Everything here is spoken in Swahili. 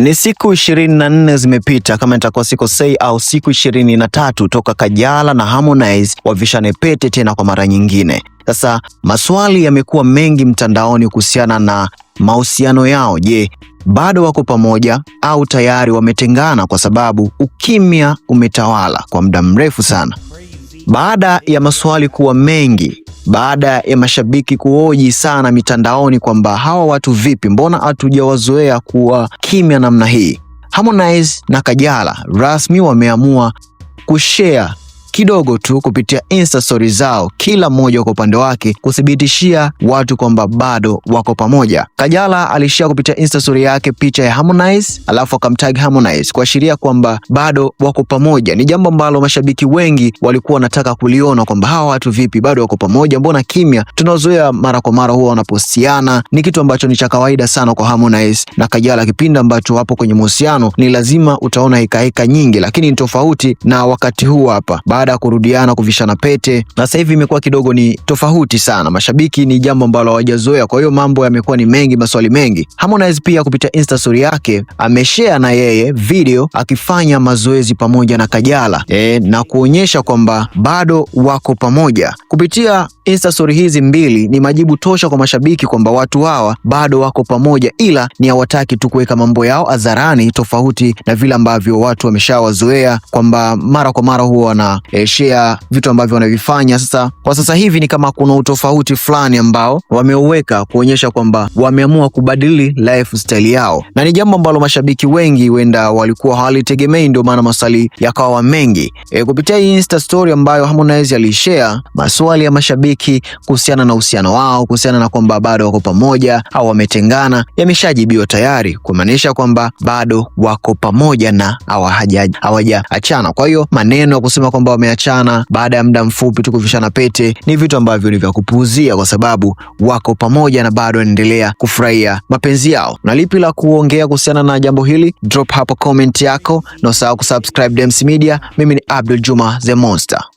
Ni siku ishirini na nne zimepita kama nitakuwa sikosei, au siku ishirini na tatu toka Kajala na Harmonize wavishane pete tena kwa mara nyingine. Sasa maswali yamekuwa mengi mtandaoni kuhusiana na mahusiano yao. Je, bado wako pamoja au tayari wametengana? Kwa sababu ukimya umetawala kwa muda mrefu sana. Baada ya maswali kuwa mengi, baada ya mashabiki kuoji sana mitandaoni kwamba hawa watu vipi, mbona hatujawazoea kuwa kimya namna hii. Harmonize na Kajala rasmi wameamua kushare kidogo tu kupitia insta story zao, kila mmoja kwa upande wake kuthibitishia watu kwamba bado wako pamoja. Kajala alishia kupitia insta story yake picha ya Harmonize, alafu akamtag Harmonize kuashiria kwamba bado wako pamoja. Ni jambo ambalo mashabiki wengi walikuwa wanataka kuliona kwamba hawa watu vipi, bado wako pamoja, mbona kimya? Tunazoea mara kwa mara huwa wanapostiana, ni kitu ambacho ni cha kawaida sana kwa Harmonize na Kajala. Kipindi ambacho wapo kwenye mahusiano, ni lazima utaona hekaheka nyingi, lakini ni tofauti na wakati huu hapa baada ya kurudiana kuvishana pete, na sasa hivi imekuwa kidogo ni tofauti sana. Mashabiki ni jambo ambalo hawajazoea, kwa hiyo mambo yamekuwa ni mengi, maswali mengi. Harmonize pia kupitia Insta story yake ameshare na yeye video akifanya mazoezi pamoja na Kajala e, na kuonyesha kwamba bado wako pamoja. Kupitia Insta story hizi mbili ni majibu tosha kwa mashabiki kwamba watu hawa bado wako pamoja, ila ni hawataki tu kuweka mambo yao hadharani, tofauti na vile ambavyo watu wameshawazoea kwamba mara kwa mara huwa wana e, share vitu ambavyo wanavifanya. Sasa kwa sasa hivi ni kama kuna utofauti fulani ambao wameuweka kuonyesha kwamba wameamua kubadili lifestyle yao, na ni jambo ambalo mashabiki wengi huenda walikuwa hawalitegemei, ndio maana maswali yakawa mengi e, kupitia hii Insta story ambayo Harmonize alishare, maswali ya mashabiki kuhusiana na uhusiano wao, kuhusiana na kwamba bado wako pamoja au wametengana, yameshajibiwa tayari, kumaanisha kwamba bado wako pamoja na hawajaachana. Kwa hiyo maneno ya kusema kwamba wameachana baada ya muda mfupi tu kuvishana pete ni vitu ambavyo ni vya kupuuzia, kwa sababu wako pamoja na bado wanaendelea kufurahia mapenzi yao. Na lipi la kuongea kuhusiana na jambo hili? Drop hapo comment yako na usahau kusubscribe Dems Media. Mimi ni Abdul Juma the Monster.